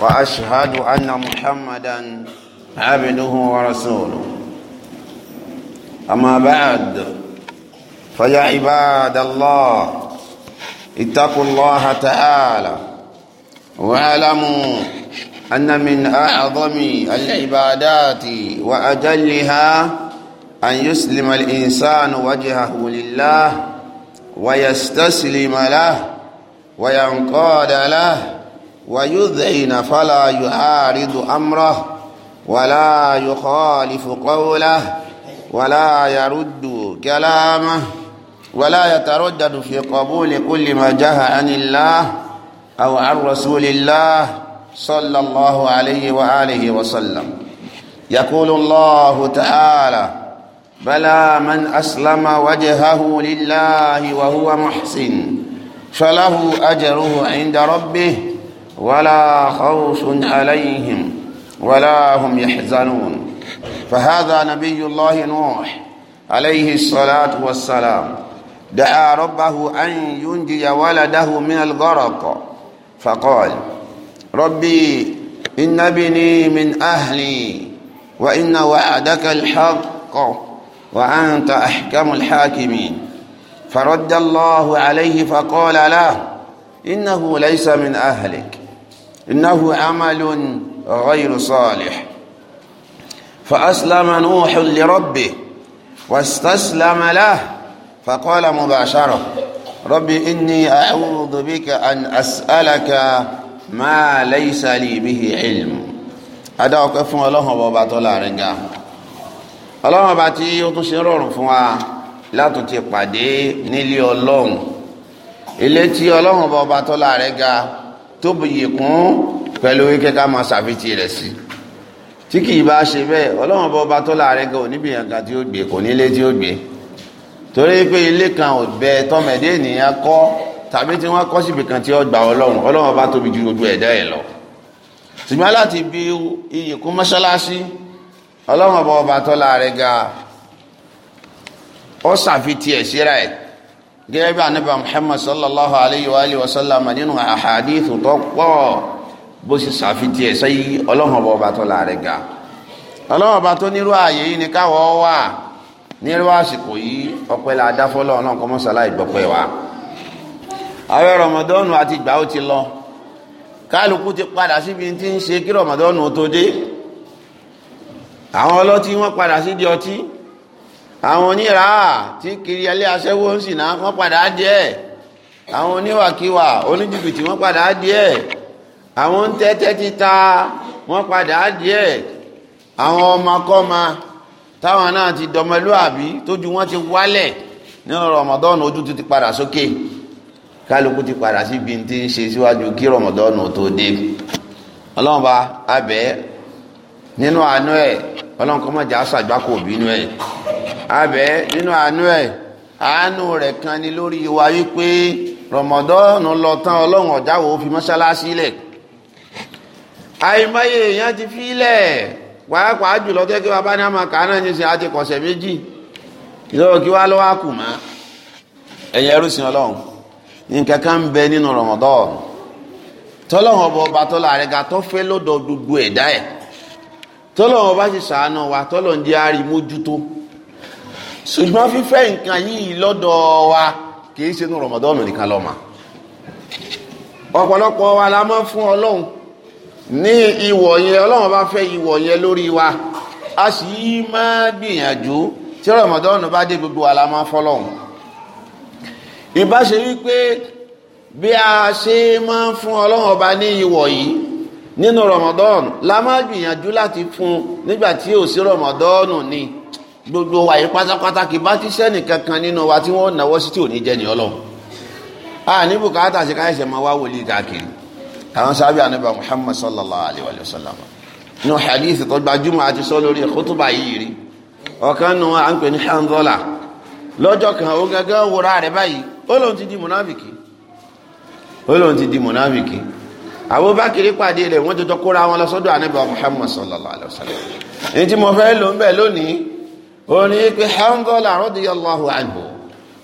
وأشهد أن محمدا عبده ورسوله أما بعد فيا عباد الله اتقوا الله تعالى واعلموا أن من أعظم العبادات وأجلها أن يسلم الإنسان وجهه لله ويستسلم له وينقاد له ويذعن فلا يعارض أمره ولا يخالف قوله ولا يرد كلامه ولا يتردد في قبول كل ما جاء عن الله أو عن رسول الله صلى الله عليه وآله وسلم يقول الله تعالى بلى من أسلم وجهه لله وهو محسن فله أجره عند ربه ولا خوف عليهم ولا هم يحزنون فهذا نبي الله نوح عليه الصلاة والسلام دعا ربه أن ينجي ولده من الغرق فقال ربي إن ابني من أهلي وإن وعدك الحق وأنت أحكم الحاكمين فرد الله عليه فقال له إنه ليس من أهلك إنه عمل غير صالح فأسلم نوح لربه واستسلم له فقال مباشرة ربي إني أعوذ بك أن أسألك ما ليس لي به علم هذا وقف الله بابا طلع رجع الله باتي يتشرر فوا لا تتقدي نيلي الله إلتي الله بابا طلع رجع tó bòye kún pẹ̀lú wíkẹ́ ká máa ṣàfitì rẹ̀ sí tí kì í bá ṣe bẹ́ẹ̀ ọlọ́run bọ́ bá tó láàrin gan oníbi yànga tí ó gbé kò nílé tí ó gbé torí pé ilé kan ò bẹ tọmẹdé ènìyàn kọ́ tàbí tí wọ́n kọ́ síbi kan tí ó gbà ọlọ́run ọlọ́run bá tóbi ju gbogbo ẹ̀dá ẹ̀ lọ ṣùgbọ́n láti bí iyì kún mọ́ṣáláṣí ọlọ́run bọ́ bá tó láàrin gan ó ṣàfitì ẹ̀ síra ẹ̀ gẹ́gẹ́ bí anábà muhammad sallallahu alayhi wa alihi wa sallam nínú àhàdìtù tó pọ̀ bó sì sàfitì ẹ̀ sẹ́yí ọlọ́run ọba ọba tó láàrẹ̀ ga ọlọ́run ọba tó nírú ààyè yìí ni káwọ́ wà nírú àsìkò yìí ọpẹ́ la dá fọ́lọ́ náà kọ́ mọ́sálá ìgbọ̀pẹ́ wa àwẹ̀ rọmọdọ́nù àti ìgbà ó ti lọ kálukú ti padà síbi tí ń ṣe kí rọmọdọ́nù tó dé àwọn ọlọ́tí wọ́n padà sí di ọtí àwọn oníra tí kiri alẹ́ aṣẹ́wó ń sìn náà wọ́n padà díẹ̀ àwọn oníwàkiwà oníjìbìtì wọ́n padà díẹ̀ àwọn ń tẹ́tẹ́ títa wọ́n padà díẹ̀ àwọn ọmọkọ́mọ táwọn náà ti dọmọlúàbí tójú wọn ti wálẹ̀ nínú Ramadan ojú ti ti padà sókè kálukú ti padà síbi tí ń ṣe síwájú kí Ramadan tó dé ọlọ́run bá abẹ́ nínú àánú ẹ̀ ọlọ́run kọ́ mọ̀jà ṣàgbákò ẹ̀ abẹ nínú àánú àánú kan ni lórí wa wípé pe, lọ tán ọlọ́run ọ̀jáwò fi mọ́ṣáláṣí lẹ̀ àìmọye èèyàn ti fi lẹ̀ pàápàá jùlọ kẹ́kẹ́ wa bá ní àmọ́ kàá ní sin àti kọ̀sẹ̀ méjì ìlọ́wọ́ kí wá lọ́wọ́ kù mọ́ ẹ̀yẹ ẹrúsìn ọlọ́run nǹkan kan ń bẹ nínú tọ́lọ́run ọba ọba tó fẹ́ lọ́dọ̀ gbogbo ẹ̀dá ẹ̀ tọ́lọ́run ọba wa ṣùgbọ́n fífẹ́ nǹkan yìí lọ́dọ̀ wa kì í ṣe ní rọmọdọ́ọ̀nù nìkan lọ́mà ọ̀pọ̀lọpọ̀ wa la mọ́ fún ọlọ́run ní ìwọ̀ yẹn ọlọ́run bá fẹ́ ìwọ̀ yẹn lórí wa a sì í máa gbìyànjú tí rọmọdọ́ọ̀nù bá dé gbogbo wa la mọ́ fọlọ́run ìbá ṣe wípé bí a ṣe máa fún ọlọ́run ọba ní ìwọ̀ yìí nínú rọmọdọ́ọ̀nù la máa gbìyànjú láti fún nígbà tí ò sí rọmọdọ́ọ̀nù ni. Ramadan, gbogbo wa yìí pátápátá kì bá ti sẹ́nì kankan nínú wa tí wọ́n náwó sí tí ò ní jẹ́ ní ọlọ́run a ní bùkátà sí káyọ̀ sẹ́ máa wá wòlíì káàkiri àwọn sábẹ́ ànábà muhammad sallallahu alayhi wa sallam nínú hadith tó gbajúmọ̀ àti sọ lórí khutuba yìí rí ọ̀kan nù à ń pè ní hanzola lọ́jọ́ kan ó gẹ́gẹ́ wúra rẹ̀ báyìí ó lóun ti di munafiki ó lóun ti di munafiki Abubakar pàdé rẹ̀ wọ́n jọjọ kóra wọn lọ sọ́dọ̀ ànábà muhammad sallallahu alayhi wa sallam èyí tí mo fẹ́ lò ń bẹ̀ lónìí ó ní pé hangola radiyallahu anhu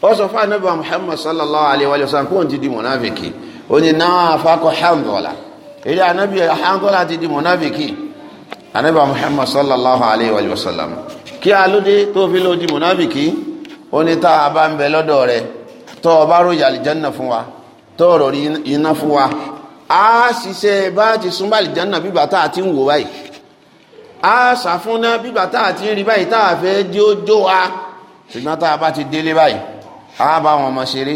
ó sọ fún anábà muhammad sallallahu alaihi wa sallam kóhun ti di mọ̀náfíkì ó ní náà fakọ hangola ilé anábì hangola ti di mọ̀náfíkì anábà muhammad sallallahu alaihi wa sallam kí alóde tó fi ló di mọ̀náfíkì ó ní tá a bá ń bẹ lọ́dọ̀ rẹ tó o bá ròyìn àlìjánná fún wa tó o rò rí iná fún wa a ṣiṣẹ́ bá ti súnmọ́ bíbá tá a ti ń wò báyìí a ṣàfúnná bígbà tá àti ń rí báyìí tá a fẹ́ dí ó jó wa ṣùgbọ́n tá a bá ti délé báyìí a bá wọn ọmọ ṣeré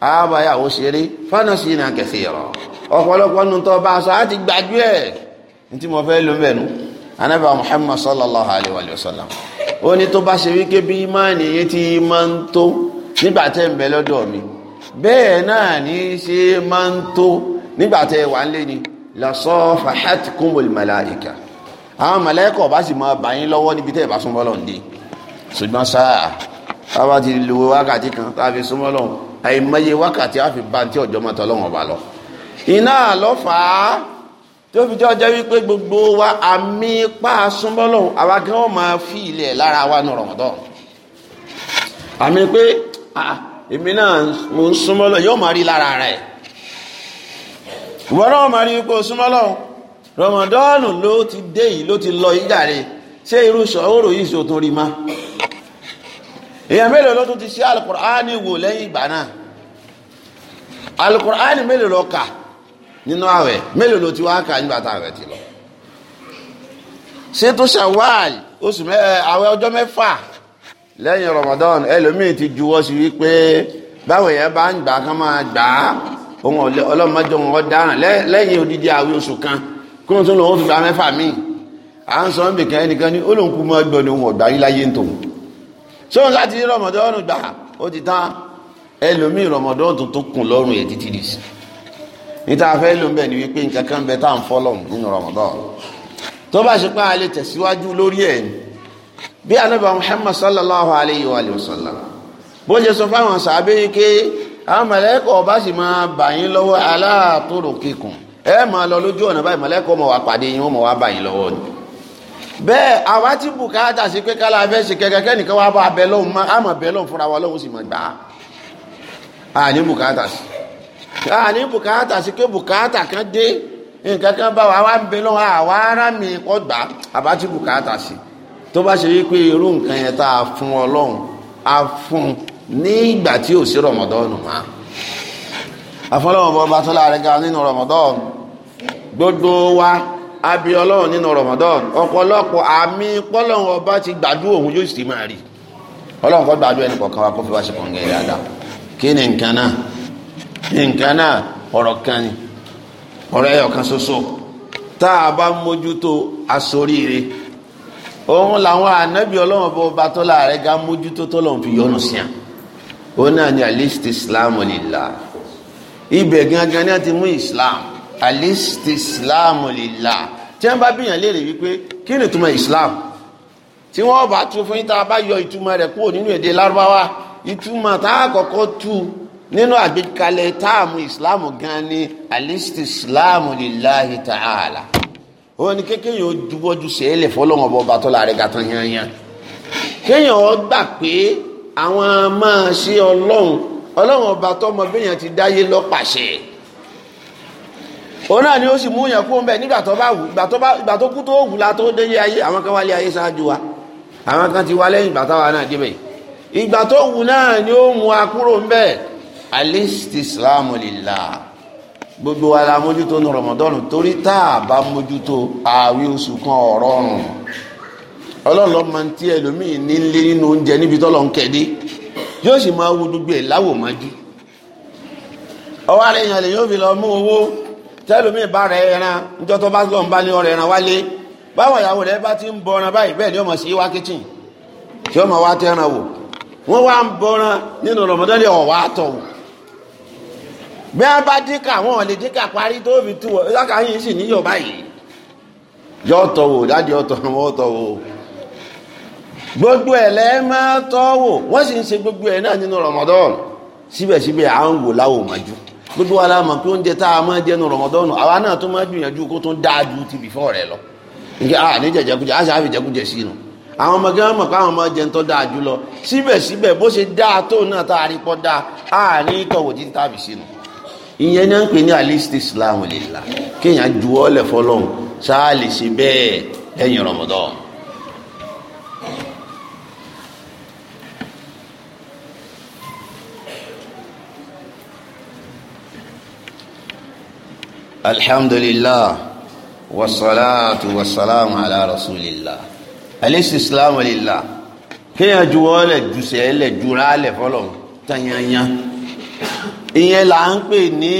a bá yàwó ṣeré fánàsì náà kẹsì rọ ọ̀pọ̀lọpọ̀ nù tó bá aṣọ àti gbájú ẹ̀ ní tí mo fẹ́ ló mẹ́nu anábà Muhammad sallallahu alayhi wa sallam ó ní tó bá ṣe wíké bí imáàni yẹn ti máa ń tó nígbà tẹ́ ń bẹ lọ́dọ̀ mi bẹ́ẹ̀ náà ní ṣe máa ń tó nígbà tẹ́ wà ń lé ni lọ́sọ́ fàhátìkúmọ̀lì màláìka àwọn mọ̀lẹ́kọ̀ bá sì máa bà lọ́wọ́ níbi tẹ́ bá súnmọ́ lọ́n dé ṣùgbọ́n sáà bábá ti lu wákàtí kan tá a fi súnmọ́ lọ́n àìmọye wákàtí á fi ba tí ọjọ́ máa tọ́ lọ́wọ́n ọba lọ. iná lọ fà á tí ó fi jẹ́ ọjọ́ wípé gbogbo wa àmì pa súnmọ́ lọ́n àwa gan wọn máa fi ilẹ̀ lára wa nù rọ̀mọ́tọ́ àmì pé èmi náà mo ń súnmọ́ lọ́n yóò máa rí lára rẹ̀ ìwọ náà máa rí pé súnmọ́ lọ́n rọmọdọ́ọ̀nù ló ti dé yìí ló ti lọ yìí ṣé irú yìí ṣe òtún rí ma èèyàn mélòó ló tún ti ṣe alukur'ani wò lẹ́yìn ìgbà náà alukur'ani mélòó ló kà nínú àwẹ̀ mélòó ló ti wá kà nígbà tá àwẹ̀ ti ti juwọ́ sí wípé báwo yẹn bá ń gbà máa gbà á ọlọ́mọdé odidi àwẹ̀ oṣù kan kó tó lòun fi gba mẹ́fà míì à ń sọ ń bìkan ẹnìkan ní ó lòun kú mọ́ gbọ́dọ̀ ohun ọ̀gbà yín láyé ń tòun sóun láti rí rọmọdọ́ọ̀nù gbà ó ti tán ẹlòmíì rọmọdọ́ọ̀nù tó tó kùn lọ́rùn ẹ̀ títí dìsí níta fẹ́ ló ń bẹ̀ ni wípé nǹkan kan bẹ tá à ń nínú Ramadan tó bá ṣe pé a lè tẹ̀síwájú lórí ẹ̀ bí anábà Muhammad sallallahu alayhi wa sallam bó ṣe sọ fáwọn sàbẹ̀ yìí pé àwọn mọ̀lẹ́kọ̀ ọba sì máa ẹ ma lọ lójú ọ̀nà báyìí mọ̀lẹ́kọ̀ ọmọ wa pàdé yín ọmọ wa báyìí lọ́wọ́ ni. bẹ́ẹ̀ àwa tí bùkátà sí pé kálá fẹ́ ṣe kẹ̀kẹ́ bá abẹ lọ́hùn má àmọ̀ abẹ lọ́hùn fúnra wa lọ́hùn sì mọ̀ gbà bùkátà sí bùkátà sí pé bùkátà kan dé nǹkan kan bá wa wá ń bẹ lọ́hùn àwa ará mi kọ́ gbà àbá bùkátà sí tó bá ṣe wípé irú nǹkan yẹn tá a fún ọlọ́run a fún ní tí ò sí rọmọdọ́ọ̀nù mọ́ bọ́ bá tó gbogbo wa abi ọlọ́run nínú Ramadan ọ̀pọ̀lọpọ̀ àmì pọ́lọ́run ọba ti gbàdúrà òun yóò sì máa rí ọlọ́run kọ́ gbàdúrà ẹnì kọ̀ọ̀kan wa kó fi wá ṣe kọ̀ǹgẹ́ dáadáa kí ni nǹkan náà nǹkan náà ọ̀rọ̀ kan ni ọ̀rọ̀ ẹ̀yọ̀ kan ṣoṣo tá a bá mójútó asoríire òun làwọn ànábì ọlọ́run bó ba tó láàrẹ̀ ga mójútó tó lọ́run fi yọ́nú sí à òun náà ni alisti islam lillah ibẹ̀ gangan ni a ti mú islam alistislamu lillah tí wọ́n bá bíyàn léèrè wípé kí ni ìtumọ̀ islam tí wọ́n bá tún fún yín tá a bá yọ ìtumọ̀ rẹ̀ kúrò nínú èdè lárúbáwá ìtumọ̀ tá a kọ́kọ́ tú nínú àgbékalẹ̀ táàmù islam gan ni alistislamu lillahi ta'ala ó ní kékeré yóò dúbọ́jú sẹ́lẹ̀ fọlọ́wọ́n bọ́ bàtọ́ láàrin gàtàn yanyan kéèyàn ó gbà pé àwọn máa ṣe ọlọ́run ọlọ́run ọba tọ́mọ béèyàn ti dáyé lọ́pàṣẹ òun náà ni ó sì mú yàn kúrò ń bẹ̀ nígbà tó bá wù ìgbà tó kú tó wù àwọn kan wálé ayé ṣáájú wa àwọn kan ti wá lẹ́yìn ìgbà táwa náà débẹ̀ ìgbà tó wù náà ni ó mú wa kúrò ń gbogbo wa mójútó torí tá a bá mójútó ààwẹ̀ oṣù kan ọ̀rọ̀ nínú oúnjẹ níbi ọwọ́ yẹn lè yóò fi lọ mú owó tẹlumi bá rẹ ẹran níjọ́ bá lọ ọrẹ ẹran wálé báwọn ìyàwó rẹ bá ti ń báyìí bẹ́ẹ̀ ni ọmọ sí wá kíchìn ọmọ wá tẹ́ran wò wọ́n wá ń bọran nínú rọmọdọ́lẹ̀ wò bí bá wọn lè báyìí yọ wò wọn wò gbogbo wò wọ́n sì ń gbogbo ẹ náà nínú gbogbo wa la mọ̀ pé oúnjẹ tá a máa jẹ nu rọmọdọ́nù àwa náà tó máa gbìyànjú kó tó dáa ju ti bìfọ́ rẹ lọ nígbà a ní jẹjẹkújẹ a ṣáà fi jẹkújẹ sí inú àwọn ọmọ gẹ́gẹ́ mọ̀ pé àwọn ọmọ jẹ ń tọ́ dáa jù lọ síbẹ̀síbẹ̀ bó ṣe dáa tó náà tá a rí pọ́ dáa a ní tọ̀wọ̀ títí tá a fi sínú. ìyẹn náà ń pè ní alistair islam lè la kéèyàn juwọ́ lẹ̀ fọlọ́hún ṣáà lè ṣe bẹ́ẹ̀ lẹ́yìn rọmọdọ́nù alhamdulillah wasalaatu wasalaamu ala rasulillah alisisilaamu lillah kéèyàn ju ọlẹ jùsẹ ẹlẹ jura alẹ fọlọ tanyanya ìyẹn là ń pè ní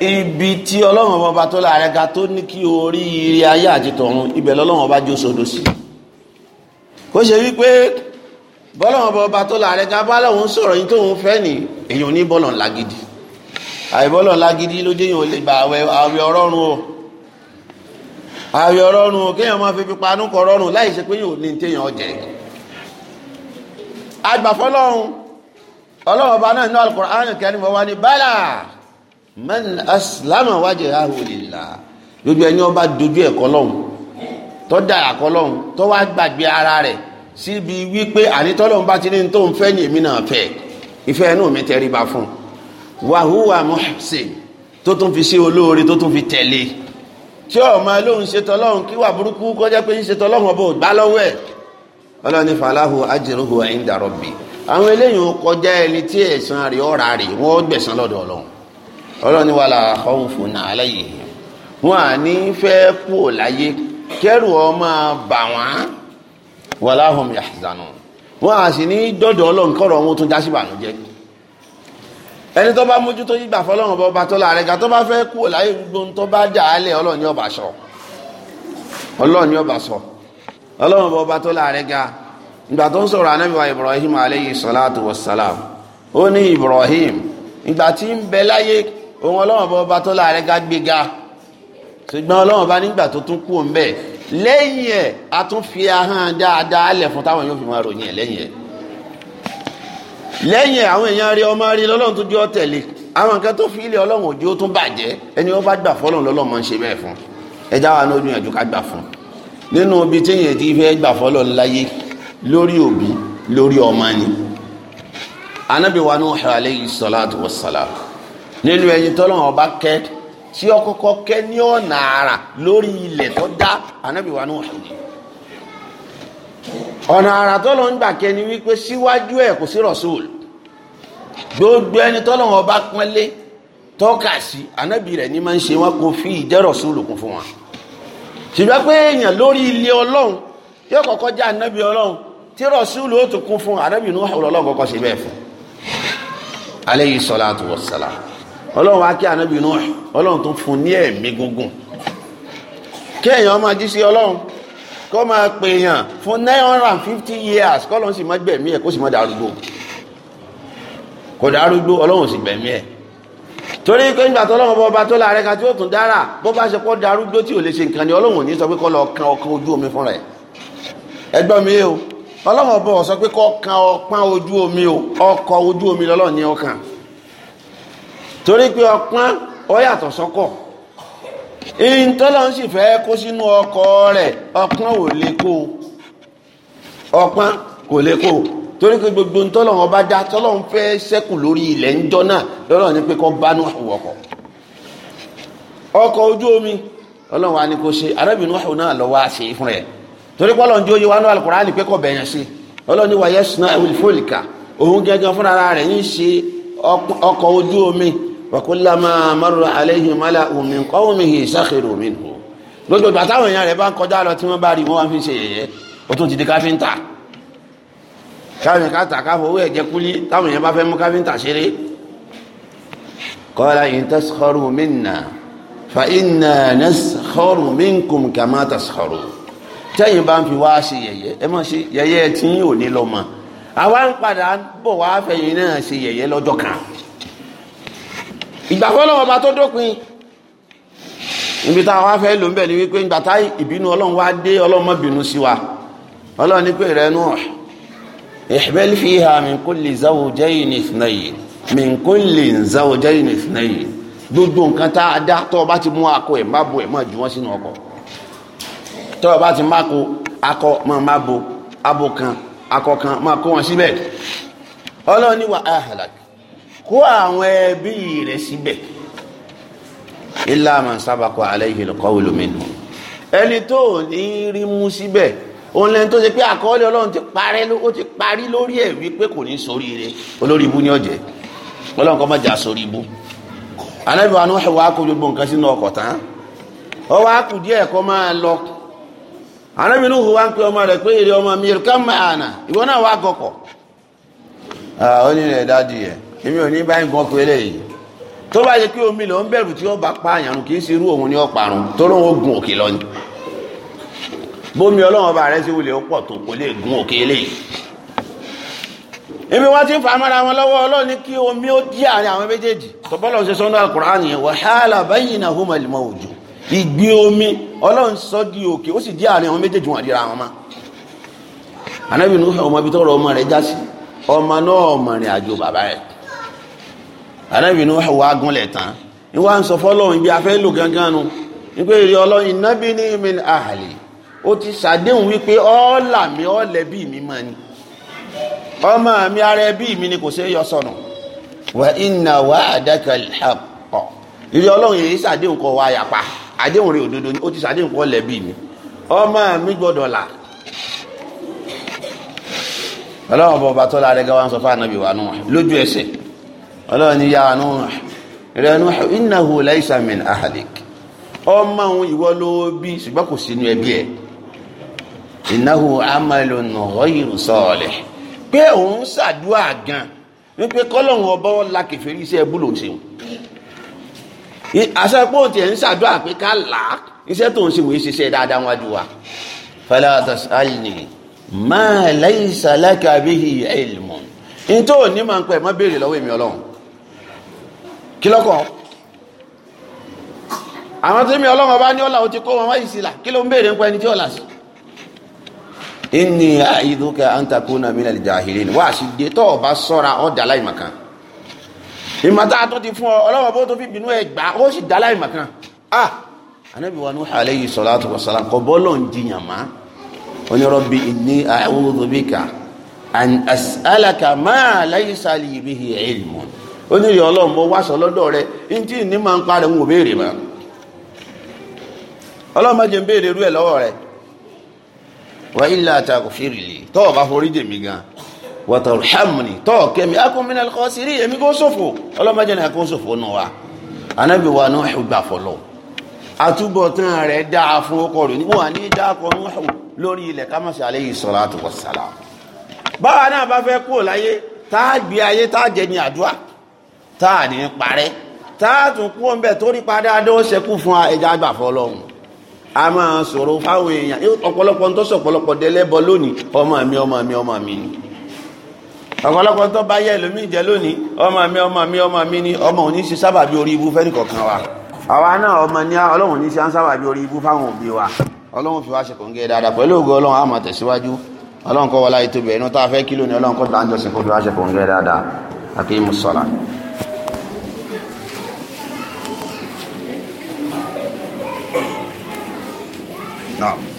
ibi tí ọlọ́run ọba tó láàrẹ ga tó ní kí orí ire ayé àti tọ̀run ibẹ̀ lọ́lọ́run ọba jó sodo sí kó ṣe wípé bọ́lọ́run ọba tó láàrẹ ga bá lọ́hún sọ̀rọ̀ yìí tóun fẹ́ ni èyí ò ní bọ́lọ̀ làgídì àìbọ́lọ̀ lágídí ló jẹ́ yàn lè gba àwẹ̀ ọ̀rọ̀run o àwẹ̀ ọ̀rọ̀run o kéèyàn máa fi fi panú kọ ọ̀rọ̀run láì ṣe pé yàn ò ní téèyàn jẹ agbàfọ́lọ́run ọlọ́run ọba náà ní Al-Qur'an kẹ́ni mo wá ní bálà man aslama wajhahu lillah lójú ẹni ọba dojú ẹ̀kọ́ lọ́hùn tó dára kọ́ lọ́hùn tó wá gbàgbé ara rẹ̀ síbi wípé ànítọ́lọ́hùn bá ti ní tó ń fẹ́ ní èmi náà fẹ́ ìfẹ́ inú mi tẹríba fún un wàhúwà muhsin tó tún fi ṣe olóore tó tún fi tẹ̀lé tí ọmọ lóhun ṣetọ lọ́hun kí wà burúkú kọjá pé ń ṣetọ lọ́hun ọbọ̀ gbá lọ́wọ́ ẹ̀ ọlọ́ni falahu ajruhu inda rabbi àwọn eléyìí ó kọjá ẹni tí ẹ̀san rẹ̀ ọ̀rà rẹ̀ wọ́n gbẹ̀san lọ́dọ̀ ọlọ́run ọlọ́ni wala khawfun alayhim wọn à ní fẹ́ kú ò láyé kẹrù ọmọ bà wọ́n wala hum wọn à sì ní dọ́dọ̀ ọlọ́run kọ́rọ̀ wọn tún já sí ẹni tó bá mójútó yígbà fọlọ́run bá ọba tó láàrẹ ga tó bá fẹ́ kú láyé gbogbo tó bá jà á lẹ̀ ọlọ́ọ̀ni ọba sọ ọlọ́ọ̀ni ọba sọ ọlọ́run bá ọba tó láàrẹ ga ìgbà tó ń sọ̀rọ̀ anábì wa Ibrahim aleyhi salatu wa salam ó ní Ibrahim ìgbà tí ń bẹ láyé òun ọlọ́run ọba tó láàrẹ ga gbé ga ṣùgbọ́n ọlọ́run bá nígbà tó tún kú ń bẹ̀ lẹ́yìn ẹ̀ lẹ́yìn àwọn èèyàn rí ọmọ rí lọ́lọ́run tó jẹ́ ọ tẹ̀lé àwọn nǹkan tó fi ilé ọlọ́run òjò tó bàjẹ́ ẹni ó bá gbà fọlọ́run lọ́lọ́run máa ń ṣe bẹ́ẹ̀ fún ẹja wa ní ojú ìyànjú ká gbà fún nínú ibi téèyàn ti fẹ́ gbà fọlọ́run láyé lórí òbí lórí ọmọ ni anábì wa Nuh alayhi salatu wassalam nínú ẹni tọ́lọ́run ọba kẹ́ tí ọkọ̀kọ̀ kẹ́ ní ọ̀nà àrà lórí ilẹ̀ tó dá anábì wa Nuh ọ̀nà àrà tọ́lọ̀ ń gbà kẹni wípé síwájú ẹ̀ kò sí rọ̀súl gbogbo ẹni tọ́lọ̀ wọn bá pọ́nlé tọ́ka sí ànábì rẹ̀ ní máa ń ṣe wọn kò fi ìjẹ́ rọ̀súl kún fún wọn ṣùgbọ́n pé èèyàn lórí ilé ọlọ́run yóò kọ́kọ́ jẹ́ ànábì ọlọ́run tí rọ̀súl ó tún kún fún ànábì inú ọlọ́run kọ́kọ́ ṣe bẹ́ẹ̀ fún alayhi salatu wassalam ọlọ́run wá kí ànábì inú ọlọ́run tó fún ní ẹ̀mí gúngún kéèyàn kọ́ máa pèèyàn fún nine hundred and fifty years kọ́ lọ́n sì má gbẹ̀mí ẹ̀ kó sì má darúgbó kò darúgbó ọlọ́run sì gbẹ̀mí ẹ̀ torí pé nígbà tó ọlọ́run bọba tó láàrẹ ká tí ó tún dára bó bá ṣe kọ́ darúgbó tí ò lè ṣe nǹkan ni ọlọ́run ní sọ pé kọ́ lọ kan ọkàn ojú omi fúnra ẹ̀ ẹgbọ́n mi o ọlọ́run ọba ọ̀ sọ pé kọ́ kan ọpọ́n ojú omi o ọkọ̀ ojú omi lọ́lọ́run ní ọkàn torí pé ọpọ́n ọ yàtọ̀ in tọ́lọ́ ń sì fẹ́ kó sínú ọkọ̀ rẹ̀ ọpọ́n ò lè kó ọpọ́n kò lè kó torí gbogbo tọ́lọ́ wọn bá tọ́lọ́ ń fẹ́ sẹ́kù lórí ilẹ̀ ń náà lọ́rọ̀ ni pé kọ́ bánú ọkọ̀ ọkọ̀ ojú omi ọlọ́run wa ni kò ṣe arábìnrin wàhùn náà lọ́wọ́ fún rẹ̀ torí pé ọlọ́run jó yé wa ní al pé kò bẹ̀yàn sí ọlọ́run wa yasna'ul fulka òun gẹ́gẹ́ fúnra rẹ̀ ń ṣe ọkọ̀ omi وكلما مر عليه ملأ من قومه سخروا منه lójú ìgbà táwọn èèyàn rẹ̀ bá ń kọjá lọ tí wọ́n bá rí wọ́n wá fi ṣe yẹ̀yẹ́ ó tún ti di káfíńtà káfíńtà káfọ owó ẹ̀jẹ̀ kúlí táwọn èèyàn bá fẹ́ mú káfíńtà ṣeré. قال إن تسخروا منا فإنا نسخر منكم كما تسخرون tẹ́yìn bá ń fi wá ṣe yẹ̀yẹ́ ẹ má ṣe yẹ̀yẹ́ tí yóò ní lọ́mọ ń padà wá fẹ̀yìn náà ṣe yẹ̀yẹ́ lọ́jọ́ kan ìgbàgbọ́ lọ́wọ́ ọba tó dópin níbi táwọn wá fẹ́ lò ń bẹ̀ ni wípé ìgbà tá ìbínú ọlọ́run wá dé ọlọ́run má bínú sí wa ọlọ́run ní pé rẹ nù ihmil fiha min kulli zawjayni ithnayn min kulli zawjayni ithnayn gbogbo nǹkan tá a dá tọ́ ọ bá ti mú akọ ẹ̀ má bo ẹ̀ má ju wọ́n sínú ọkọ̀ tọ́ bá ti má ko akọ má má bo abo kan akọ kan má kó wọn síbẹ̀ ọlọ́run ní wa ahlak kó àwọn ẹbí rẹ̀ síbẹ̀ ilá man sábàkọ alayhi alqawlu minhu ẹni tó ní rí mú síbẹ̀ òun lẹni tó ṣe pé àkọọ́lẹ̀ ti pari ó ti parí lórí ẹ̀ wípé kò ní sórí rẹ̀ olórí ibú ní ọ̀jẹ̀ ọlọ́run kọ́ mọ̀jà sórí ibú wa kó gbogbo nǹkan sínú ọkọ̀ tán ọ máa lọ Nuhu ń ọmọ ọmọ mi máa nà ìwọ náà ọ ní dájú yẹn èmi ò ní báyìí gan pé eléyìí tó bá yẹ kí omi lọ ń bẹ̀rù tí o bá pa àyàrùn kì í ṣe irú òun ní ọ̀parun tó lóun ó gun òkè lọ ni bómi ọlọ́run ọba rẹ̀ ṣe wulẹ̀ ó pọ̀ tó kò lè gun òkè eléyìí ibi wọn ti fa mọ́ra wọn lọ́wọ́ ọlọ́run ni kí omi ó àárín àwọn méjèèjì ṣe sọ́nà yẹn wà báyìí hó màlìmọ́ òjò omi ọlọ́run sọ di anábì ní wà gúnlẹ̀ tán ní wà ń sọ fọ́lọ́run ibi afẹ́ lò gangan nu wípé èrè ọlọ́run ìnábì ní min ahli ó ti ṣàdéhùn wípé ọ́ọ́là mi ọ́ọ̀lẹ̀ bí mi mọ̀ ni ọmọ mi ara ẹbí mi ni kò ṣe é yọ sọnù wa inna wa'daka al-haqq èrè ọlọ́run yìí ṣàdéhùn kọ wa yàpá àdéhùn rẹ̀ òdodo ni ó ti ṣàdéhùn kọ ọ́ọ̀lẹ̀ bí mi ọmọ mi gbọ́dọ̀ là ọlọ́run bọ̀ bàtọ́ la rẹ̀ gẹ́gẹ́ wá ń sọ fún ànábì wa nù lójú ẹsẹ̀ ọlọ́run ni ya Nuh rẹ Nuh innahu laysa min ahlik ọmọ òun ìwọ ló bí ṣùgbọ́n kò sínú ẹbí ẹ̀ innahu amalun ghayru salih pé òun ṣàdúrà gan wípé kọ́lọ́hún ọba wọn la kẹfẹ́rí iṣẹ́ ẹbú lòún ṣeun àṣà pé òun tiẹ̀ ń ṣàdúrà pé ká là á iṣẹ́ tó ń ṣe wòye ṣiṣẹ́ dáadáa wájú wa fala tas'alni ma laysa laka bihi ilmun nítorí onímọ̀ ń pẹ́ mọ́ béèrè lọ́wọ́ èmi ọlọ́run kí lọ́kọ̀ àwọn tí mi ọlọ́run ọba ní ọ̀là ó ti kó wọn wáyé sílà kí ló ń béèrè ń pa ẹni tí ọ̀là sí. inni àìdúkẹ́ antakuna minal jahilin wá àṣìdè tó o bá sọ́ra ọ́ dà láì màkàn ìmọ̀tá tó ti fún ọ ọlọ́run bó tó fi bínú ẹ̀ gbà ó sì dá láì màkàn ah anabi wa nuhu alayhi salatu wa salam kọ bọ́lọ̀ ń jiyàn má onírọ́bì inni a'udhu bika an as'alaka ma laysa li ó ọlọ́run mo wáṣọ lọ́dọ̀ rẹ ntí ní máa ń parẹ́ wọn ò béèrè mọ́ ọlọ́run má jẹ́ ń béèrè irú lọ́wọ́ rẹ wà ilà tọ́ ọ bá forí gan hàmùnì tọ́ ọ kọ́ èmi kò ọlọ́run má ní wa anábì wa náà gbà fọlọ́ àtúbọ̀tán rẹ̀ fún rẹ̀ salatu báwa náà bá fẹ́ tá a gbé ayé tá a jẹ ní táà ní parẹ́ táà tún kú ń bẹ̀ torí padà dán ṣekú fún ẹja àgbà fọlọ́hún a máa sọ̀rọ̀ fáwọn èèyàn ọ̀pọ̀lọpọ̀ ń tọ́sọ̀ ọ̀pọ̀lọpọ̀ délẹ́bọ lónìí ọmọ mi ọmọ mi ọmọ mi ni ọ̀pọ̀lọpọ̀ tó bá yẹ lómi jẹ lónìí ọmọ mi ọmọ mi ọmọ mi ni ọmọ òní ṣe sábà bí orí ibú fẹ́ni kọ̀ọ̀kan wa àwa náà ọmọ ní ọlọ́run ní ṣe ń sábà orí ibú fáwọn òbí wa ọlọ́run fi wá ṣe kòǹgẹ́ dáadáa pẹ̀lú ògo ọlọ́run á máa tẹ̀síwájú ọlọ́run kọ́ wọlá ètò ìbẹ̀rẹ̀ tá a fẹ́ kílò ní ọlọ́run kọ́ tá à ń jọ ṣe kòǹgẹ́ dáadáa akéwì mùsọ̀lá No.